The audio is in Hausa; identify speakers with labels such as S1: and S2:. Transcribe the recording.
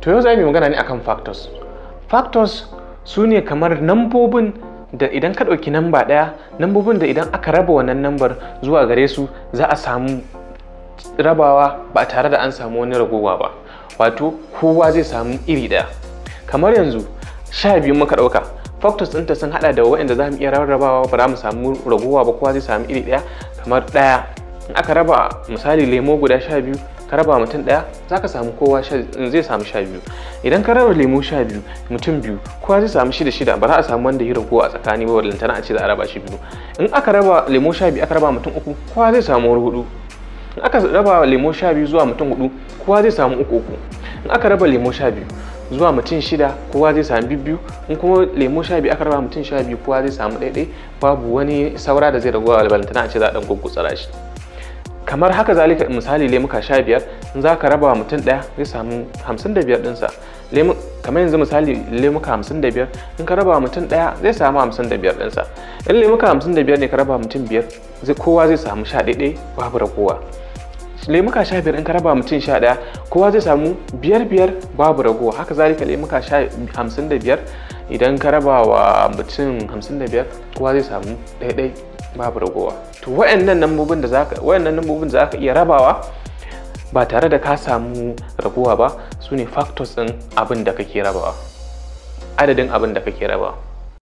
S1: to yau za mu magana ne akan factors factors su ne kamar nambobin da idan ka ɗauki namba ɗaya nambobin da idan aka raba wannan nambar zuwa gare su za a samu rabawa ba tare da an samu wani ragowa ba wato kowa zai samu iri ɗaya kamar yanzu sha biyu muka ɗauka factors ɗinta sun haɗa da waɗanda za mu iya rarrabawa ba za mu samu ragowa ba kowa zai samu iri ɗaya kamar ɗaya in aka raba misali lemo guda sha biyu ka raba mutum ɗaya za ka samu kowa zai samu sha biyu idan ka raba lemu sha biyu mutum biyu kowa zai samu shida shida ba za a samu wanda ya kowa a tsakani ba lantana a ce za a raba shi biyu in aka raba lemu sha biyu aka raba mutum uku kowa zai samu wani hudu in aka raba lemu sha biyu zuwa mutum hudu kowa zai samu uku uku in aka raba lemu sha biyu zuwa mutum shida kowa zai samu biyu in kuma lemu sha biyu aka raba mutum sha biyu kowa zai samu ɗaiɗai babu wani saura da zai ragowa balantana a ce za a ɗan tsara shi kamar haka zalika misali lemuka sha biyar in za ka raba wa mutum ɗaya zai samu hamsin da biyar ɗinsa kamar yanzu misali lemuka hamsin da biyar in ka raba wa mutum ɗaya zai samu hamsin da biyar ɗinsa in lemuka hamsin da biyar ne ka raba mutum biyar kowa zai samu sha ɗaiɗai babu ragowa lemuka sha biyar in ka raba mutum sha ɗaya kowa zai samu biyar biyar babu ragowa haka zalika lemuka sha hamsin da biyar idan ka raba wa mutum hamsin da biyar kowa zai samu ɗaiɗai babu ragowa to wayannan lambobin da zaka wayannan da zaka iya rabawa ba tare da ka samu raguwa ba sune factors ɗin abin da kake rabawa adadin abin da kake rabawa